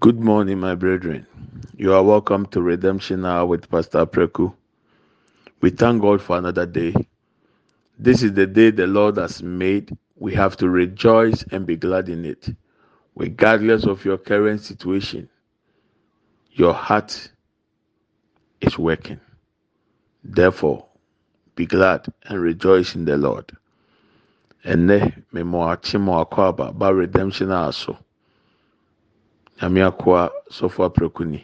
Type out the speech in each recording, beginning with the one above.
Good morning, my brethren. You are welcome to Redemption Hour with Pastor Preku. We thank God for another day. This is the day the Lord has made. We have to rejoice and be glad in it. Regardless of your current situation, your heart is working. Therefore, be glad and rejoice in the Lord. And ne me mo achimo akwaba ba redemption also. nyame akoa sɔfo aprɛko ni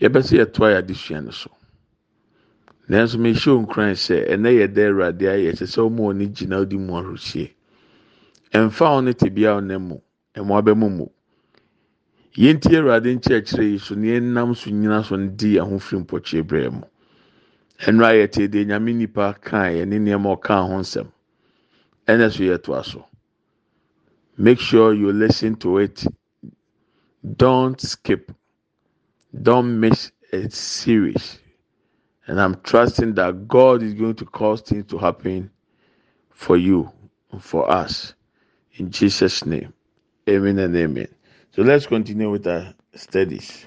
yɛbɛsɛ yɛtoa yɛ adesua no so nanso mehyɛ wo nkuran sɛ ɛnɛ yɛda awurade ayɛ ɛsɛ sɛ woma ɔne gyina wode mu ahorohyie ɛmfa wo ne tebea wo nɛ mu ɛmoa bɛmo mu yɛnti awurade nkyerɛkyerɛ yi so ne yɛnam so nyina so no di ɛho firi mpɔkyeɛ berɛ mu ɛno a yɛtee deɛ nyame nnipa kaeɛ ne nneɛma ɔkaa ho nsɛm ɛnɛ so yɛtoa so make sure you listen to it Don't skip. Don't miss a series. And I'm trusting that God is going to cause things to happen for you and for us. In Jesus' name. Amen and amen. So let's continue with our studies.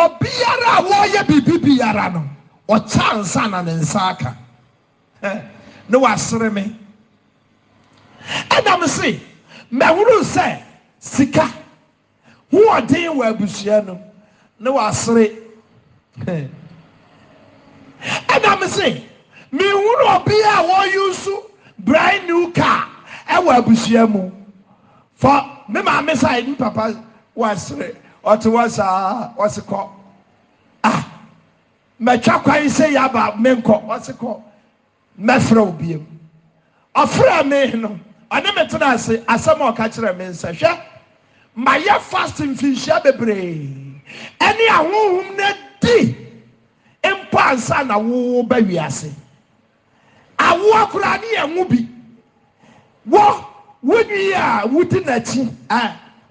Obiara a wɔreyɛ biribi biara no, ɔkya na ne nsa aka. na wasere me ɛnam se mɛhuru sɛ sika ho ɔden wɔ abusua no na wasere ɛnam se mehuru ɔbea a wɔyi so brand new car ɛwɔ abusua mu fɔ me maame sa yi ne papa wasere ɔte wɔ saa ɔse kɔ ah mɛtwa kwan sɛ yaba menkɔ ɔse kɔ mɛfrɛ wo biem ɔfrɛ me no ɔne me tena ase asɛm a ɔka kyerɛ me nsɛ hwɛ mayɛ fast mfinhyia bebree ɛne ahohom no di mpo ansa na wowo ba wiase awoɔ koraa ne yɛ ho bi wɔ wonwi a wodi n'akyi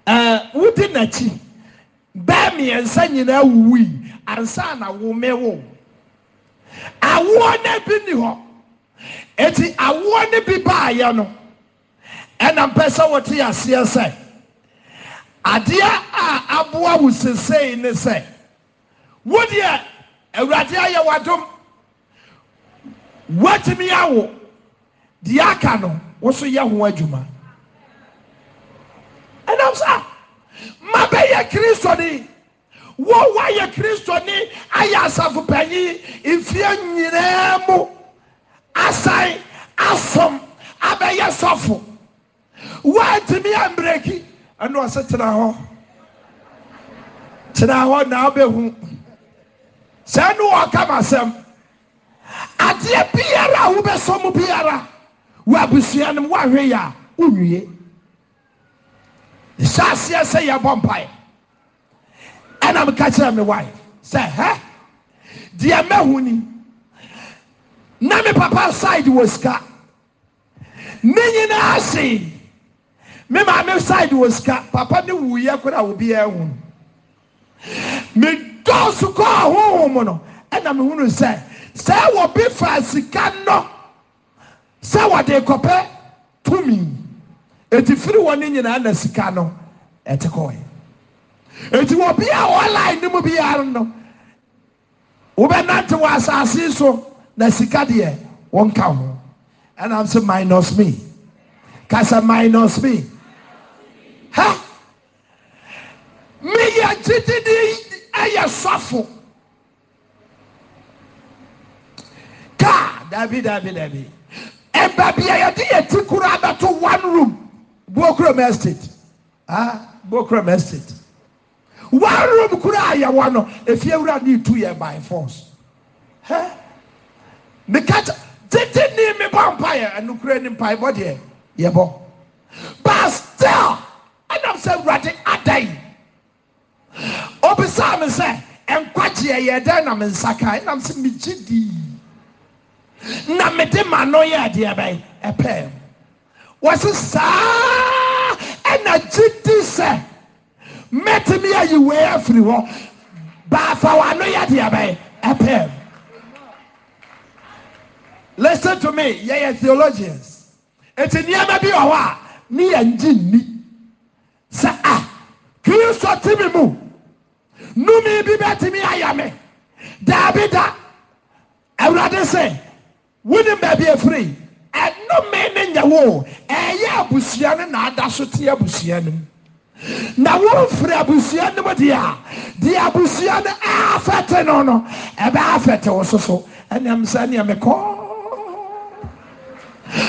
ɛ wodi n'akyi bɛɛ mmiɛnsa nyinaa wuwui ansa na wo mewo awoɔ no bi ni hɔ eti awoɔ ne bi baayɛ no ɛna mpɛ sɛ wɔte aseɛ sɛ adeɛ a aboa wo sesei ne sɛ wo deɛ awurade ayɛ wadom woatumi awo deɛ aka no wo so yɛ ho adwuma ɛnam sa ah, ma bɛyɛ kristo ni wo wayɛ kristo ni ayɛ asafo panyin mfeɛ nyinaa mu asan afam abɛyɛ sɔfo wɔntumi ambreki ɛna ɔsɛ tena hɔ tena hɔ na abɛhu sɛ ɛnu ɔka ma sɛm adeɛ biara a wobɛsɔ mu biara wɔ abusua no mu wɔahwɛ yɛ a wowie hyɛ aseɛ sɛ yɛbɔ mpae ɛna meka kyerɛ me wae sɛ hɛ deɛ mɛhu ni na me papa side wɔ sika ne nyinaa se me maame side wɔ sika papa ne wuyɛ koraa obi ɛho me dɔɔso kɔɔ ahohom no ɛna me hunu sɛ sɛ wɔbi fa sika no sɛ wɔde kɔpɛ tumi eti firi wɔn ne nyinaa na sika no ɛte kɔɛ eti wɔbi a wɔn line ne mu biara no wɔbɛnante wɔ asaase so. na sika deɛ wonka ho ɛnam sɛ minors me ka sɛ minors me meyɛ gyididi yɛ sɔfo ka dabi dabidabi ba bia yɛde yɛti koraa bɛto one room boɔkrom estat bokrom stat one room koraaa yɛwa no ɛfiɛwurɛ ne tu yɛ ba fors meka kyɛ tete ni mi bɔ mpaeɛ anukure ni mpaebɔ deɛ yɛ but still ɛnam sɛ awurade ada yi obisa mi sɛ nkwagyeɛ yɛ dɛ na mi nsa ka ɛnam sɛ mi dii na mi de ma no yɛ adeɛ bɛyɛ ɛpɛɛ wɔsi saa ɛna gyi di sɛ mɛtumi ayi wei afiri hɔ baafa wa no yɛ adeɛ bɛyɛ ɛpɛɛ. liston to me yɛyɛ theologians ɛnti nneɔma bi wɔ hɔ a ne yɛngye nni sɛ a ah, kristo timi mu nomi bi bɛtumi ayɛ me daabida awurade sɛ wonim baabi a firii ɛnome ne nyɛ woo ɛɛyɛ abusua no naada so te abusua no m na womfiri abusua nom deɛ a de abusua no aafɛte no no ɛbɛafɛte wo soso ɛnem sa noɛ mekɔɔ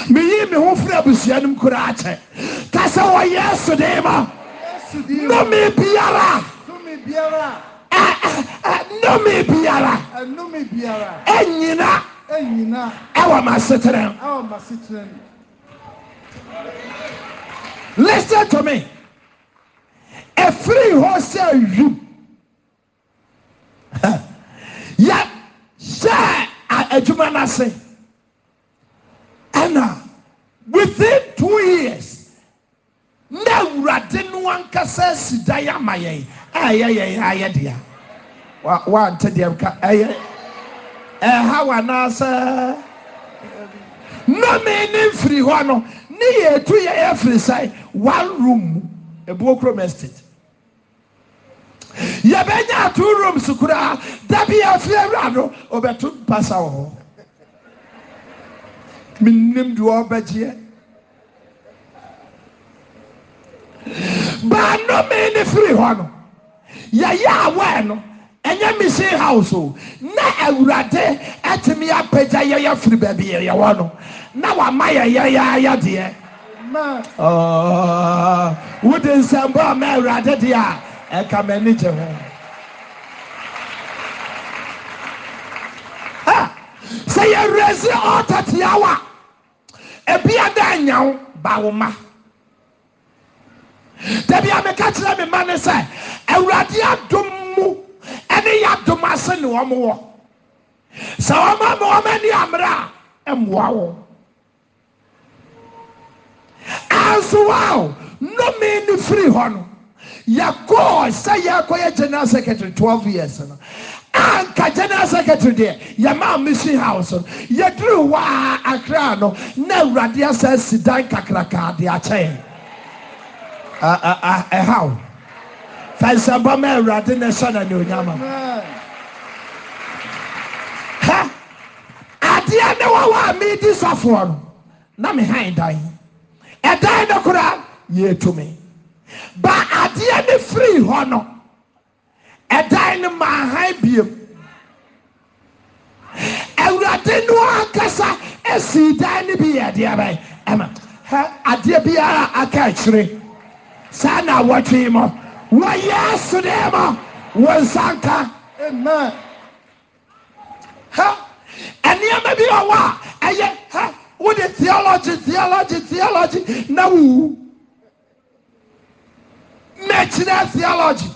meyii me ho fori abusua nom kura akyɛ ka sɛ wɔyɛ sode mɔ nme biaraome biara ɛnyina ɛwɔ maseteran listtome firii hɔ sɛ awu yɛ hyɛɛ a adwuma nase ɛna within two years na awurade no ankasa si dan ama yɛn a ɛyɛ yɛn ayɛ dea wa wa nte deɛ nka ɛyɛ ɛha wa n'asɛ nnome ne nfiri hɔ no ne yɛ etu yɛ yɛ firi sɛ one room mu ebuo kurom estate yɛbɛnya two rooms kura, dabi afiri awura no ɔbɛto mpasa wɔ hɔ menim deɛ ɔbɛgyeɛ baanome ne firi hɔ no yɛyɛ awɔɛ no ɛnyɛ mission house o na awurade ɛtumi apagya yɛyɛ firi baabi yɛyɛwɔ no na wama yɛyɛyɛayɛ deɛ ah, wode nsɛmbɔ a ma awurade deɛ a ɛka m'ani gye ho ah, sɛ yɛwerɛ si ɔtɔteawa abiada a nya wo ba wo ma da bia meka kyerɛ me mma ne sɛ awurade adom mu ɛne yɛ adom asene ɔmowɔ sɛ wɔm ɔmaaniammerɛ a ɛmmoa wɔn ansowawo nome ne firi hɔ no yɛkɔɔ sɛ yɛrekɔyɛ general sekretary 2wvyeas no anka general secretary deɛ yɛmaa mission house no yɛduru waa akra no na awurade asan si dan kakraka de akyɛn ɛhaw fɛnsɛbɔ ma awurade na ɛhyɛ na neonyama ha adeɛ ne wɔwɔ a meedi safoɔ no na me han dan ɛdan no koraa yɛtumi ba adeɛ ne firi hɔ no ɛdan no maahan biem awurade noɔ ankasa asii dan no bi yɛ ɛdeɛ bɛɛ ɛma adeɛ biaraa akɛ akyerɛ saa na wɔtwee mɔ wɔyɛ asodeɛ mɔ wɔnsanka mn ɛnoɔma bi wɔwɔ a ɛyɛ wode theologyy theology theology na wuu mɛkyerɛ theology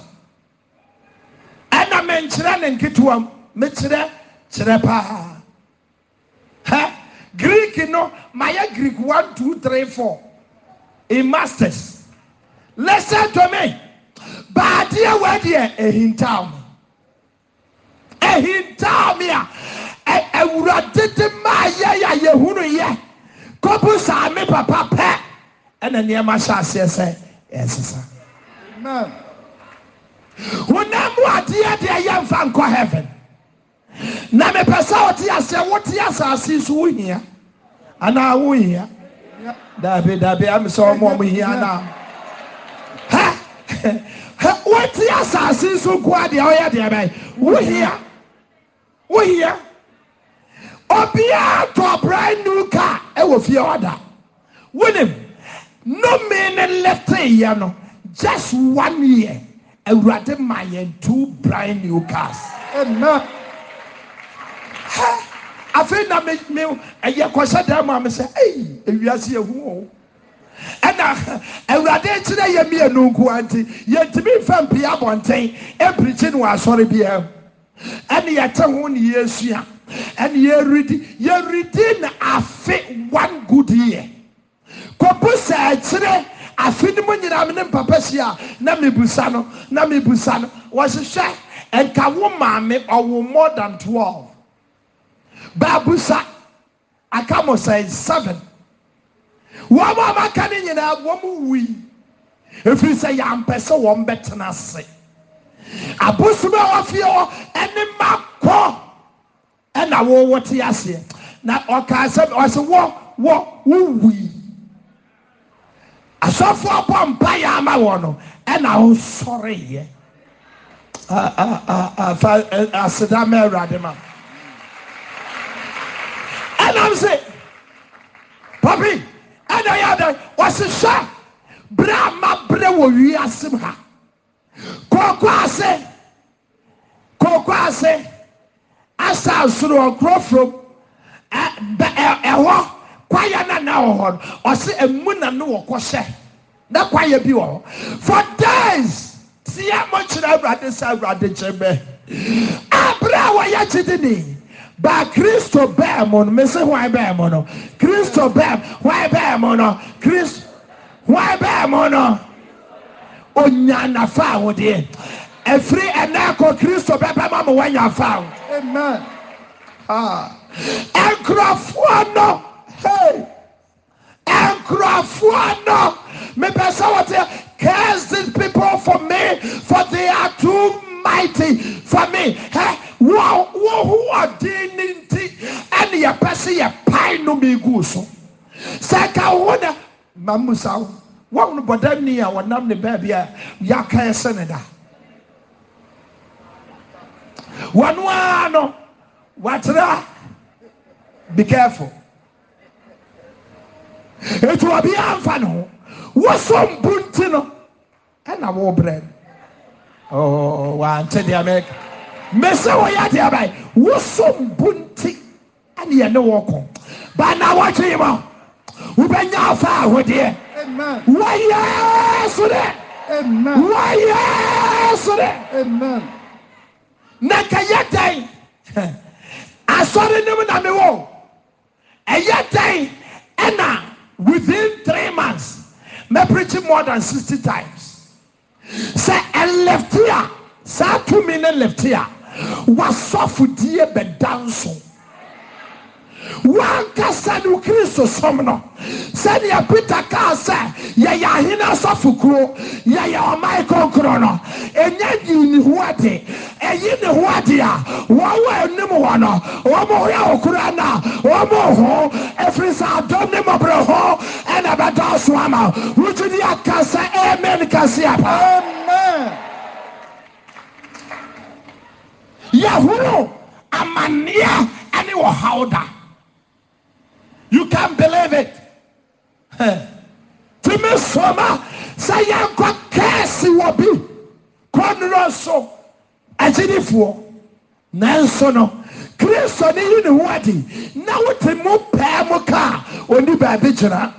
menkyerɛ ne nketewa mu mekyerɛ kyerɛ paa hɛ greek no mayɛ greek one two three four in masters listen to me baadeɛ wɛdeɛ ehintaw mi ehintaw mi a awurade de maa yɛ yɛ saame papa pɛ ɛna nneɛma hyɛ aseɛ sɛ ɛsesa. Amen heaven? mu adeɛ deɛ yɛ mfa nkɔ heaven na mepɛ sɛ wote aseɛ wote asase so wohia anaa wohia daabi daabi ame sɛ ɔmo ɔmo hia anaa hɛ wote asase so nko adeɛ ɔyɛ deɛ bɛyɛ wohia wohia obiara tɔ brand new car ɛwɔ fie ɔda wonim nnome ne lɛte yɛ no just one year. awurade ma yɛn two brand new cars. ɛnna afei na me me ɛyɛ kɔsɛ dan mu a me sɛ ɛyi ewiase ehu o ɛna awurade kyerɛ yɛ mmienu nkoa nti yɛntumi nfa mpia abɔnten mpirikyi no asɔre bia ɛna yɛte ho ne yɛsua ɛna yɛredi yɛredi na afe one good year kɔpu sɛ ɛkyerɛ. I feel mu nyinaa me ne mpapa si a na mebusa no na mebusa no wɔhyehyɛ nka maame more than 12 baabusa aka mo sɛn 7 wɔn a maka ne nyinaa wɔn wui efiri sɛ yɛampɛ sɛ wɔn bɛtena ase abosom a wɔfie hɔ ɛne mma kɔ ɛna wɔwɔ te aseɛ na ɔkaa sɛ ɔsɛ wɔ wɔ wowui asɔfoɔ bɔ mpa yaama wɔ no ɛnawosɔreyɛ aseda ma awurade ma ɛnam se pabi ɛnɛ yɛ dɛ ɔse swɛ berɛ amaberɛ wɔ wi asem ha kooko ase asa soroɔ korɔforom ɛhɔ ayɛ nana hɔɔsɛ munam no wɔ kɔhyɛ na kwaɛ bi ɔ fo dis iɛ mɔkyerɛ awrade sɛ wrd kyɛbɛ abrɛ a wɔyɛ gede ni ba kristo bɛ momese ha bmn kristo bmo no ɔnyanafa hodeɛ fi nɛk kristo bɛbm maanya fahonkrɔfoɔ ah. no Hey! Nkurɔfoɔ no mepɛ sɛ wɔte curse these people for me for they are too mighty for me. Hey, wo who are dealing and your person your pain no be good so. Saka wona mamusa wɔn no bɔda ni a wɔnam ne baabi a yaka ɛsɛ ne da wɔn ara no wɔatera be careful. ɛti wɔbia mfa ne ho wosombo nti no ɛna oh, wo berɛ n wante deɛ meɛka mɛsɛ woyɛ deɛ bae wosombo nti ɛne yɛne wɔɔkɔ baana wɔtwe yemma wobɛnya ɔfaa hodeɛ yɛ sɛ yɛ srɛ na nkayɛ dɛn asɔre nom na mewɔ ɛyɛ dɛn ɛna within three months me preaching more than 60 times say and left here say two million left here was for dear but down so one cast and you christ sɛdeɛ peter kaa sɛ yɛyɛ ahene asɔfokuro yɛyɛ ɔman kronkron no ɛnyɛ yi ne ho ade ɛyi ne ho ade a wɔwɔ anim hɔ no wɔmohoyɛ wo koraa no a wɔmoho ɛfiri sɛ adɔm ne mmɔborɛ ho ɛna ɛbɛdɔ so ama wogyidi aka amen kɛseɛ pa yɛhoro amanneɛ ɛne wɔ haw da you can believe it tumi soma sɛ yɛnkɔ kɛɛse wɔ bi kɔnono so agyinifoɔ nanso no kristo ne yi ne ho ade na wote mu pɛa mo kaa onni baabi gyina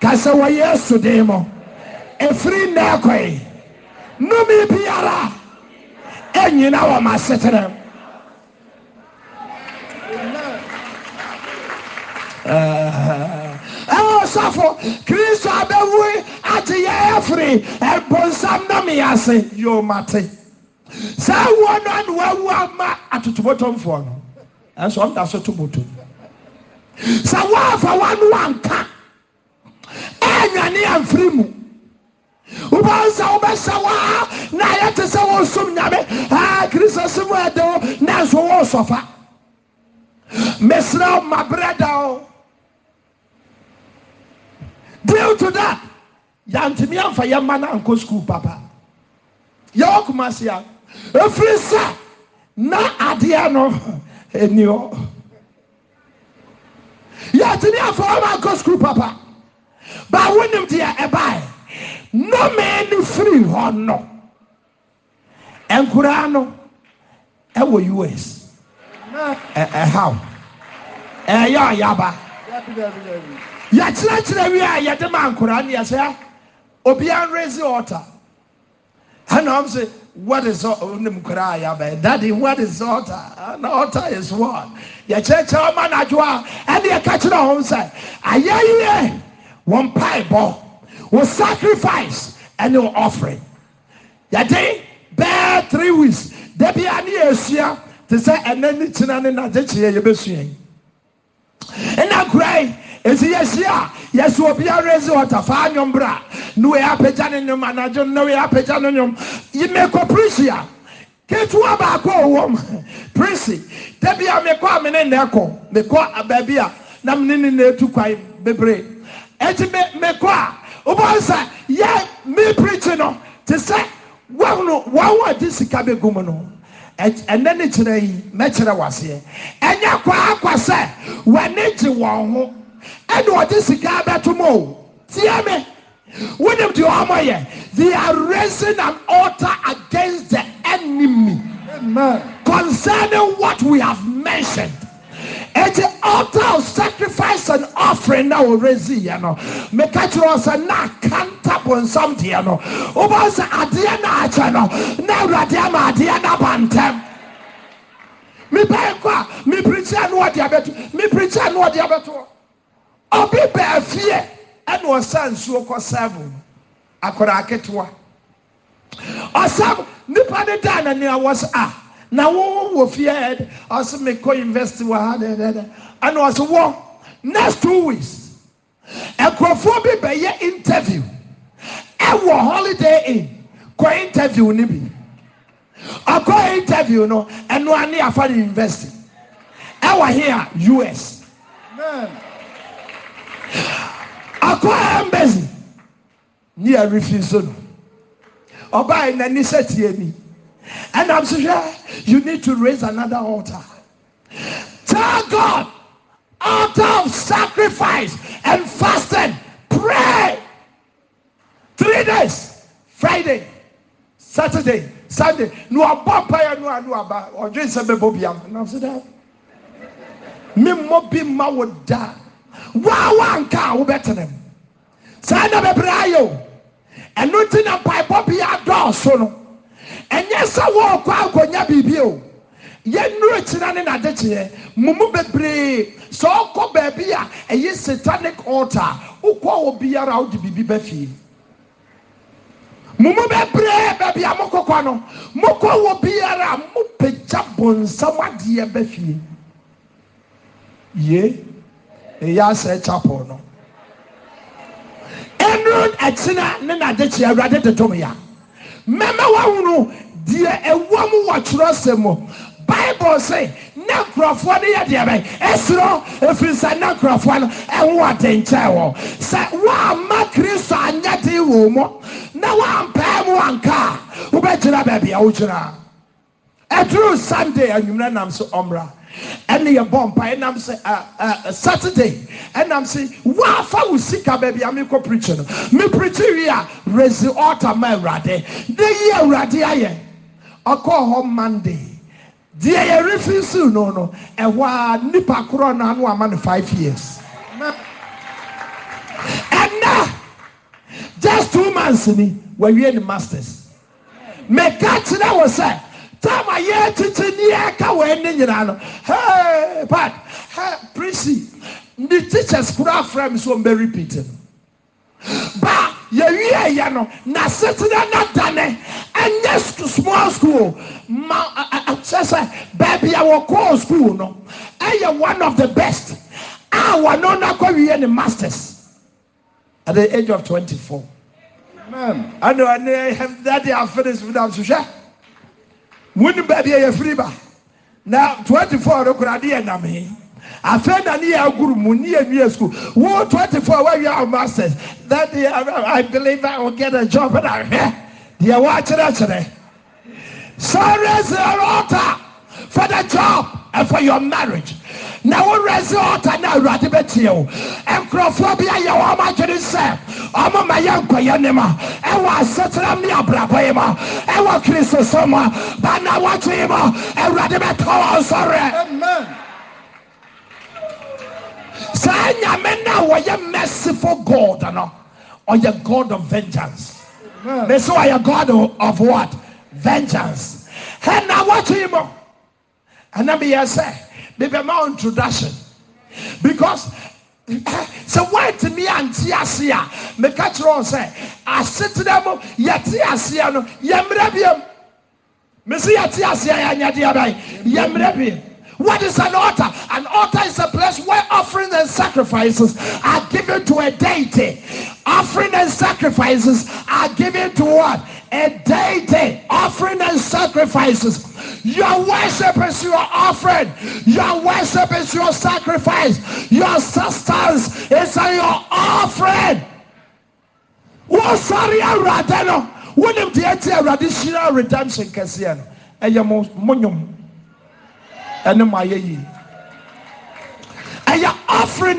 ka sɛ wɔyɛɛ soden mo ɛfiri nnaɛkɔe nome biara ɛ nyina wɔ maseterɛm kristo abɛwue ate yɛyɛ fere bonsam nɔmeyɛase yɛomate saa awuo no anoaawu a ma atotobotɔmfoɔ no ɛnsɛ ɔmda so tobɔto sɛ woafa wo noanka ɛɛ nwane amfiri mu wobɛwɔ sa wobɛsɛ wo a na yɛte sɛ ah, wo som nyame a kristo sifo ɛdeo na nso woesɔfa mesrɛ o ma berɛdao duu to that yɛntimi amfa yɛma nonkɔ skuul papa yɛwɔkoma sea ɛfiri sɛ na adeɛ no nni ɔ yɛntimi a mfa wɔmankɔ skuul papa ba wonim deɛ ɛbae na mani firi hɔ no ɛnkoraa no ɛwɔ us ɛhaw ɛɛyɛ ɔyaba yɛkyerɛkyerɛ wie a yɛde ma nkora ne yɛsɛ obiara raise altar ɛna ɔm sɛ what is ɔnim nkora a yɛabɛyɛ daddy what is altar na altar is what yɛkyerɛkyerɛ ɔma n'adwo a ɛne yɛka kyerɛ ɔm sɛ ayɛ yie wɔn mpaebɔ wɔ sacrifice ɛne wɔ offering yɛde bɛɛ three weeks dabi a ne yɛasua te sɛ ɛnɛ ne kyina ne nagye kyeɛ yɛbɛsua ɛna nkora yi ɛnti yɛsi a yɛsi obiara ɛsi ɔtafa anwom bra na wɔyɛ apagya ne nwom anadwo na wɔyɛ apagya ne nwom yi mɛkɔ a ketewa baako a ɔwɔ mu pirisi dabi a mɛkɔ a mene na ɛkɔ mɛkɔ baabi a na mene ne na etu kwan bebree ɛnti mɛ mɛkɔ a ɔbɔ yɛ mi pirikyi no te sɛ wɔn wɔn a di sika bɛ mu no ɛnɛ ne kyerɛ yi mɛkyerɛ wɔ ɛnyɛ kɔ akɔ sɛ wɔn gye wɔn ho. And what is sika bɛto mu me When deɛ ɔmo they are raising an altar against the enemy Amen. concerning what we have mentioned. at the altar of sacrifice and offering now raise you know. Make it was a knock can tap on something, you know. Over the Adiana channel. Now Radiama Adiana Bantam. Me pay qua, me preacher no diabetes, me preacher no diabetes. obi baafie ɛno ɔsansuo kɔ sarbl no akɔraaketewa ɔsab nipa no daa nanoa wɔ s a na wowɔ fie dɛ ɔ so mekɔ universty wɔ hadedɛdɛ ɛneɔso wɔ next tw weeks akurɔfoɔ bi bɛyɛ interview ɛwɔ holiday in kɔ interview no bi ɔkɔ interview no ɛno ane afa do universty ɛwɔ he a us busy. ne yɛ refi so no ɔbaa yi n'ani sɛ tie And I'm sure you need to raise another altar tell God altar of sacrifice and fasting pray three days Friday Saturday Sunday na ɔbɔ mpaeɛ no a or aba ɔdwe nsɛm bɛbɔ biam ɛnam so dɛ mi bi ma wo da waa waa nka a wobɛtena mu. saa na bebree ayɛ o ti na mpaebɔ bi adɔɔso no ɛnyɛ sɛ wɔɔkɔ akɔnya biribi o yɛnnuro kyina ne n'adekyeɛ mo mu bebree sɛ ɔkɔ baabi a ɛyɛ satanic altar wokɔ wɔ biara a wode biribi bɛ fie mo mu bebree baabi a mokɔkɔ no mokɔ wɔ biara a mopagya bonsam adeɛ bɛ yie ɛyɛ asɛ chapel no ɛno ɛkyena ne nadekyea awurade totom ya mɛma woahono deɛ ɛwɔm wɔ kyerɛsɛm mu bible se ne nkurɔfoɔ no yɛ deɛ bɛn ɛsoro ɛfiri sɛ ne nkurɔfoɔ no ɛhoɔden kyɛɛ wɔ sɛ woamma kristo anyɛ den wɔ mu na woampae mu anka a wobɛgyina baabi a wogyina ɛduru sunday anwummerɛ nam so ɔmmra and the bomb, and I'm saying, Saturday, and I'm saying, Wow, if I will baby, I'm going preaching. Me preaching here, raise the altar, my rade. The year, rade, I call home Monday. The year, refuse soon, no, no. And why, nipa, corona, and one man, five years. And now, just two months, me, where you're in the masters. Me catch that was that time a year titi ni ɛka wɔn ani nyinaa hey but, prissy the teachers kura afra the so you repeat no ba yɛwi ɛyɛ that na sitina na dane to small school my baby, I beebi a wɔkɔɔ school no am one of the best I will not call you any masters at the age of twenty four. Amen. I know, I know, that day I finished with that wone baabi a yɛfiri now 24 no korade yɛ namee afei na ne yɛ aguru mu ne school wo 24 where you are masters that I, believe I will get a job and ahwɛ deɛ wɔakyerɛkyerɛ so raise your altar for the job and for your marriage na wo result na awurade bɛtie wo nkurɔfoɔ bi ayɛ wɔn ɔmo adwene sɛ ɔmo ma yɛ nkɔyɛ ne ma ɛwɔ asetena ni abrabɔ yi ma ɛwɔ kristu so ma bana wɔtwe yi ma awurade bɛtɔ wɔn sɔrɛ. saa nyame na wɔyɛ merciful god no ye god of vengeance meso ɔyɛ god of what vengeance ɛna wɔtwe yi mu ɛna meyɛ sɛ. Maybe a wo introduction because so why to me and meka kyerɛ wo sɛ I mu to them no yɛmmerɛ no, mesi me aseɛ yɛanyɛdeɛ bɛn yɛmmerɛ biam What is an altar? An altar is a place where offerings and sacrifices are given to a deity. Offering and sacrifices are given to what? a deity offering and sacrifices. Your worship is your offering. Your worship is your sacrifice. Your substance is your offering. redemption offering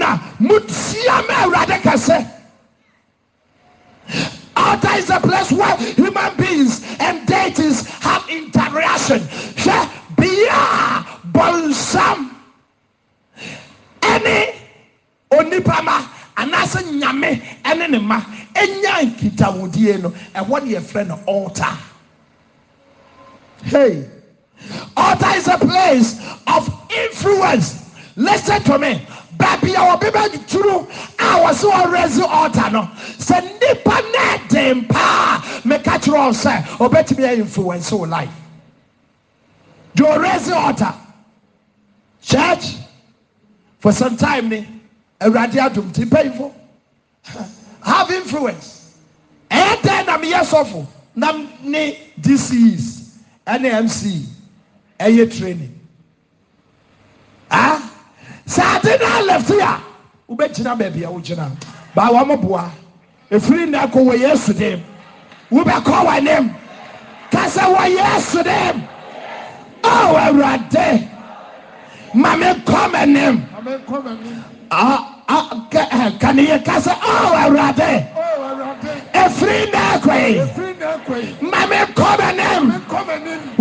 altar is a place where human beings and deities have interaction. Hwɛ bia bɔnsam ɛne onipa ma anaasɛ nyame ɛne ne ma ɛnya nkitawodie no ɛwɔ ne yɛfrɛ no altar. Hey, altar is a place of influence. Listen to me. baabia wɔbɛ bɛturu a wɔ sɛ ɔwerɛ ze ɔte no sɛ nnipa ne den paa meka kyerɛ sɛ ɔbɛtumi ɛ influense wo life de ɔerɛ se ɔte church fɔr sometime ne awurade adomtipanyimfo have influence ɛyɛ dɛn na meyɛ sɔfo nam ne diseas nmc yɛ training ah? sadina lifteya wo bɛgjina bɛbia wogjina bawɔmòboa ifirinɛko wyɛsu de wo bɛkwnem kasɛ wyɛsu de owurade mamekmnemkany eh, kasɛ wrde ifrinɛk mmkmnem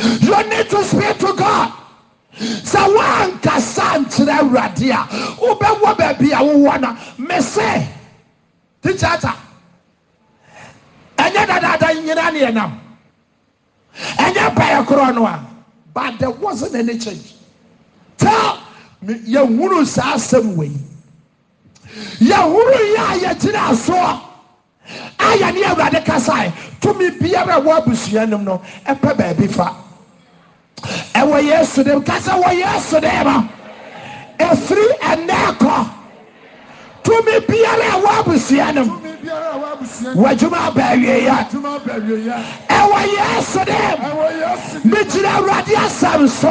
you ned to spiak to god sɛ woankasa nkyerɛ awurade a wobɛwɔ baabi a wowɔ no me sɛ tikya ta ɛnyɛ dadaada nyina ne ɛnam ɛnyɛ baɛ korɔ no a but de wasn any chingi til yɛhunuu saa asɛm wei yɛhuru yi a yɛgyina soɔ a yɛ neɛ awurade kasae tumi biara a wɔabusuanom no ɛpɛ baabi fa ɛwɔ yɛ so dem ka sɛ ɛwɔyɛ sode m ɛfiri ɛnɛkɔ tumi biara a wɔ abusua ne m wɔadwuma baawieya ɛwɔ yɛ sodem megyina awurade asɛm so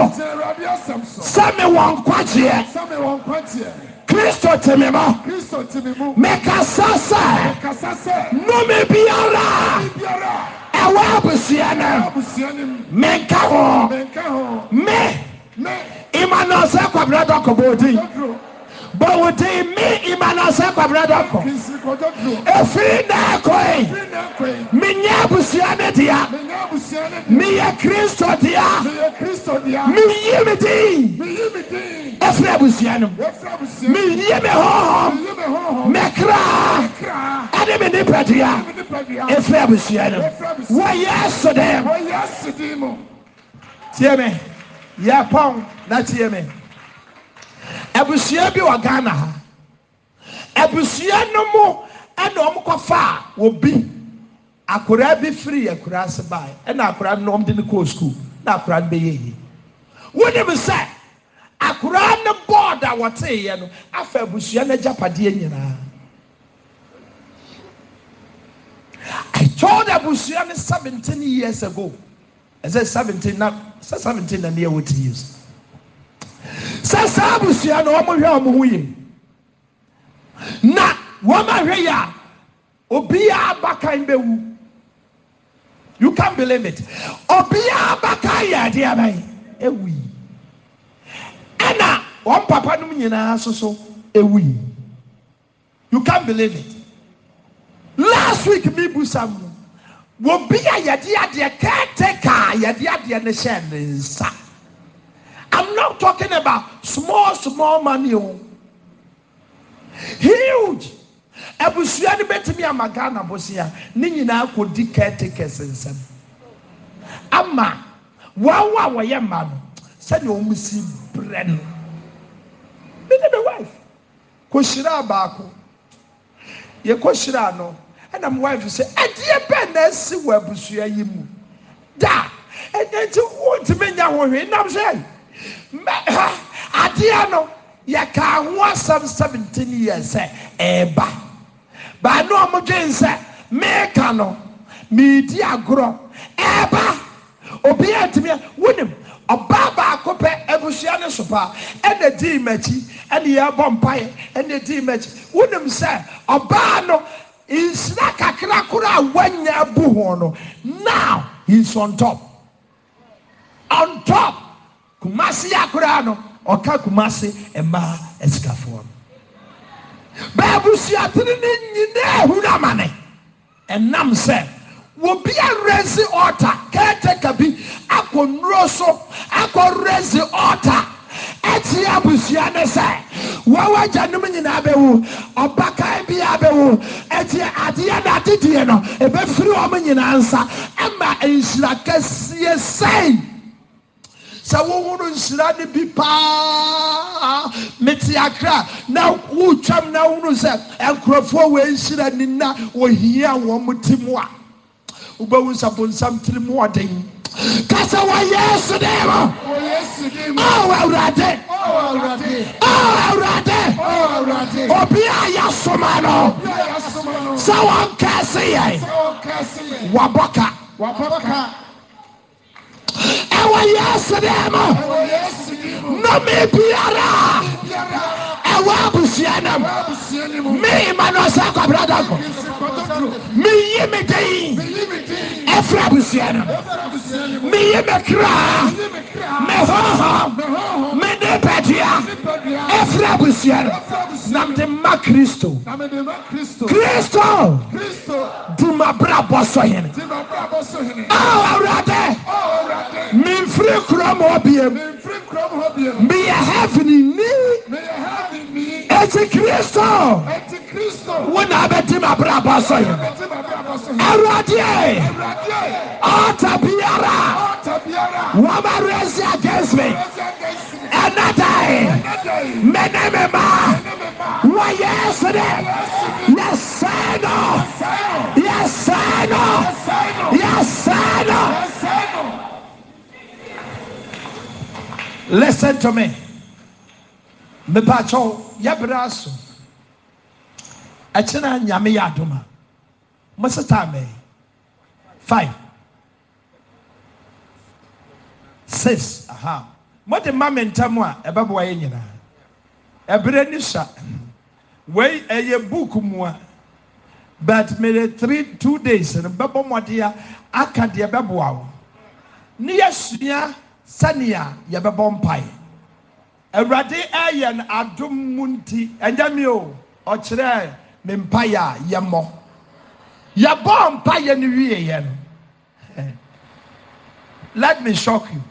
sɛ me wɔ kakyeɛ kristo teme mɔ mekasa sɛ nome biara awaabosua ne ekaho me anɔsɛ krkbo bon me anɔsɛ kr fei neko menya bsua nedeaeyɛ kristo ea yebeye e o yɛsdem ti me yɛ pɔn na tie me abusua bi wɔghana ha abusua no mu ɛnɔɔm kɔfaa wɔbi akoraa bi firii akoraa se bae ɛna akoraa n nɔm de no kosukuu na akoraa no bɛyɛi wonim sɛ akoraa no bɔaaɔd a wɔteeeɛ no afa abusua no agya padeɛ nyinaa I told abusua ne seventeen years ago I said seventeen na sɛ seventeen and near what years sɛ saa abusua na wɔn hwɛ wɔn ho yim na wɔn ahwɛ yɛ a you can not believe it obiara abakan dear adeɛ abayi ewu yi ɛna wɔn papa nom nyinaa soso ewu you can not believe it. ik mi bu sam mu wɔbi a yɛdeadeɛ kɛɛtekaa yɛdeadeɛ ne hyɛ ne nsa amnɔ tɔkene ba small small ma noɛho huwg abusua no bɛtumi amaghanabosea ne nyinaa kɔdi kɛɛtekɛ sensɛm ama waawo a wɔyɛ mma no sɛdeɛ ɔmsi berɛ no bi ne ne wife kɔhyiraa baako yɛ kɔhyiraa no ɛnam waf sɛ ɛdeɛ pɛ naasi wɔ abusua yi mu da ɛyɛ nti wontimi nya hohwe nam sɛ adeɛ no yɛkaa hoasɛm 7 yiɛ sɛ ɛɛba baanoɔ mɔdwen sɛ meeka no miidia gorɔ ɛɛba ɔbɛɛ timi a wonem ɔba baako pɛ abusua ne sopa a ɛnɛ diimmakyi ɛne yɛbɔ mpaeɛ ɛne diimmakyi wonim sɛ ɔbaa no nsira kakra koro a wanya abu ọnụ no now he is on top on top kumasi akora no ɔka kumasi mmaa asikafoɔ no baabusuatene ne nyinaa ehuru amane ɛnam sɛ a arezi ɔta kɛntɛka bi akɔ nnuro so akɔ rezi ɔta ɛti abusua ne sɛ. wɔwɔ agyanom nyinaa bɛwu ɔbakan biara bɛwu ɛti adeɛ na adedeɛ no ɛbɛfiri wɔn nyinaa nsa ɛma nhyira kɛseɛ sɛn sɛ wohunu nhyira no bi paa mete akra na wotwam na wohunu sɛ nkurɔfoɔ wɔ nhyira ni na wɔhia wɔn ti mu a wobɛhu nsabonsam tiri mu ɔden. ka sɛ wɔɛsedɛ mɔwrdeɛwurade obiayɛ soma no sɛwɔkɛɛseyɛɔka ɛwɔyɛ sedɛɛ mɔ nome biara wabsianammeema nsakabradago meye me de efrabusia nam meye me kra mehho mede bedea efrabusiane namedema kristokristo dumabrabɔso hene awurade memfire koromɔ bm eyɛ heven ni ɛti kristo wọn na abɛti ma abira abɔ sɔ yi awuradeɛ ɔta biara wɔn ma resi against me ɛna dae mɛ ne mi ma wɔ yɛsi de yɛ yɛ yɛ listen to me. mepatwɛw yɛbrɛ aso ɛkyena nyame yɛ adoma mo seta amɛn five six aha mo de ma me ntam a ɛbɛboa yɛ nyinaa ɛbrɛ ni sa wei ɛyɛ book mu a but mere three two days no bɛbɔ mmɔdea aka deɛ bɛboa wo ne yɛsua sɛnea yɛbɛbɔ mpaeɛ awurade ɛyɛ no adom mu nti ɛnyɛ mi o ɔkyerɛ me mpaeɛ a yɛmmɔ yɛbɔ mpaeɛ no wie no let me shock you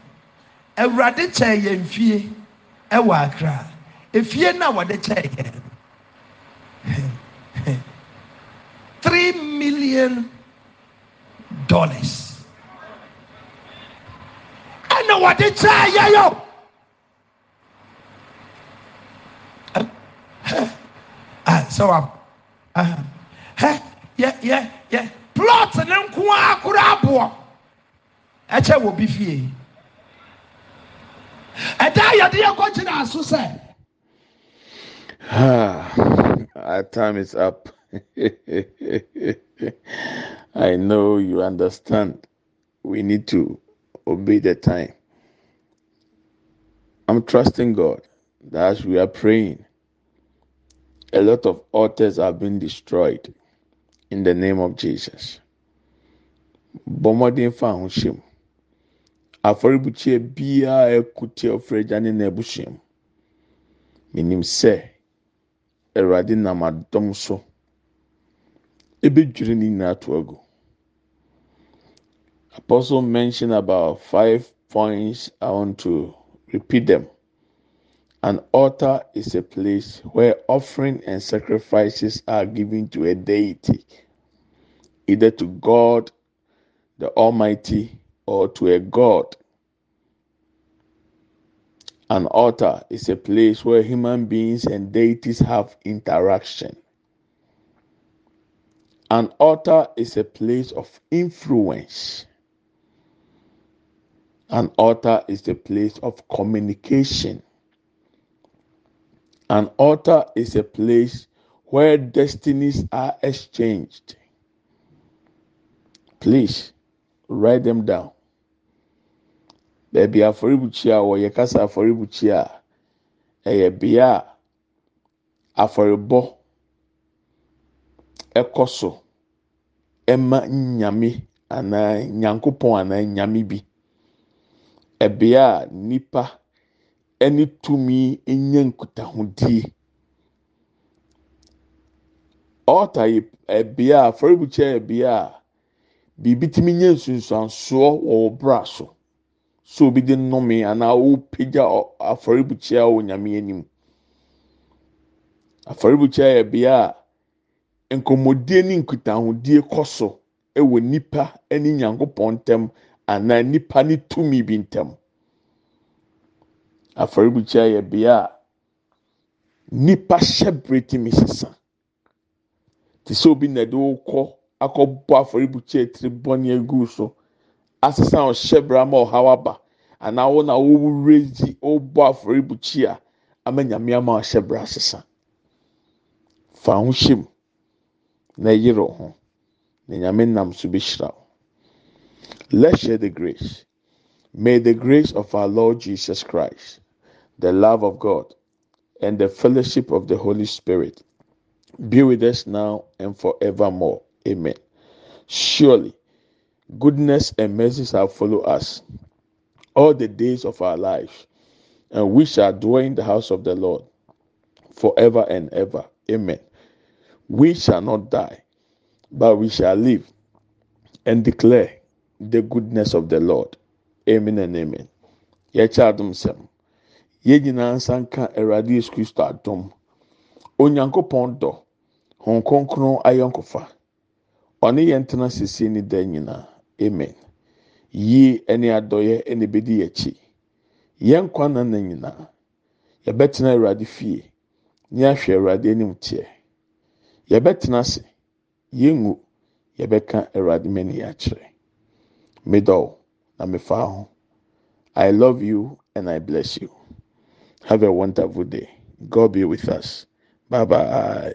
awurade kyɛɛ yɛn fie ɛwɔ akra efie no a wɔde kyɛɛ yɛn three million dollars ɛna wɔde kyɛɛ yɛn yɛn. sɛ wa hɛ yɛ yɛ yɛ plot ne nko ara koro aboɔ ɛkyɛ wɔ bi fie ɛda yɛde yɛ kɔ gyina aso sɛ. Our time is up. I know you understand. We need to obey the time. I'm trusting God that as we are praying, a lot of altars have been destroyed in the name of Jesus. Bɔmmɔden fa ahosuo mu. Afɔrebukyia biara ekute ɔfra gya ne n'abusua mu. Menim sɛ Awurade nam adɔm so ebedwiri ne nyinaa to agu. Apostle mentioned about five points. I want to repeat them. An altar is a place where offering and sacrifices are given to a deity, either to God the Almighty or to a God. An altar is a place where human beings and deities have interaction. An altar is a place of influence. An altar is a place of communication. An altar is a place where destinies are exchanged. Please write them down. Baabi afɔrebukyia wɔ yɛ kasa a, ɛyɛ aforibo a afɔrebɔ ɛkɔ so ɛma nyame anaa nyankopɔn anaa nyame bi ɛbea a nipa. ne tumi nye nkutahodie altar yɛ ɛbea a afɔrebukyia yɛ bea a biribi tumi nye nsonsansoɔ wɔ wɔ bra so so obi de nnome anaa ɔrepagya afɔrebukyia wɔ nyame anim afɔrebukyia yɛ bea a nkɔmmɔdie ne nkutahodie kɔ so wɔ nipa ne nyankopɔn ntam anaa nipa ne tumi bi ntam. afɔrebukyia yɛ bea a nipa hyɛbere tumi sesa te sɛ obi na ɛde wokɔ akɔbɔ afɔrebukyia tiri bɔnne egu so asesa ɔhyɛbere ama ɔhaw aba anaa wɔn a wɔwura yi ɔbɔ afɔrebukyia ama nyame ama ɔhyɛbere asesa fa ho hyɛ mu na ɛyere ho na nyame nam so bi hyira o let's share the grace may the grace of our lord jesus christ. the love of God, and the fellowship of the Holy Spirit be with us now and forevermore. Amen. Surely, goodness and mercy shall follow us all the days of our life, and we shall dwell in the house of the Lord forever and ever. Amen. We shall not die, but we shall live and declare the goodness of the Lord. Amen and amen. Yɛ kyɛ yɛn nyinaa nsa nka awurade yesu kristo adom onyankopɔn dɔ hon kronkron ayɔnkofa ɔne yɛn tena sisi ne da nyinaa amen yie ɛne adɔyɛ ɛna ebedi yɛn akyi yɛn nkwa na na nyinaa yɛbɛtena awurade fie ne ahwɛ awurade anim teɛ yɛbɛtena ase yɛngu yɛbɛka awurade mɛni akyerɛ medɔw na mefa ho i love you and i bless you. Have a wonderful day. God be with us. Bye bye.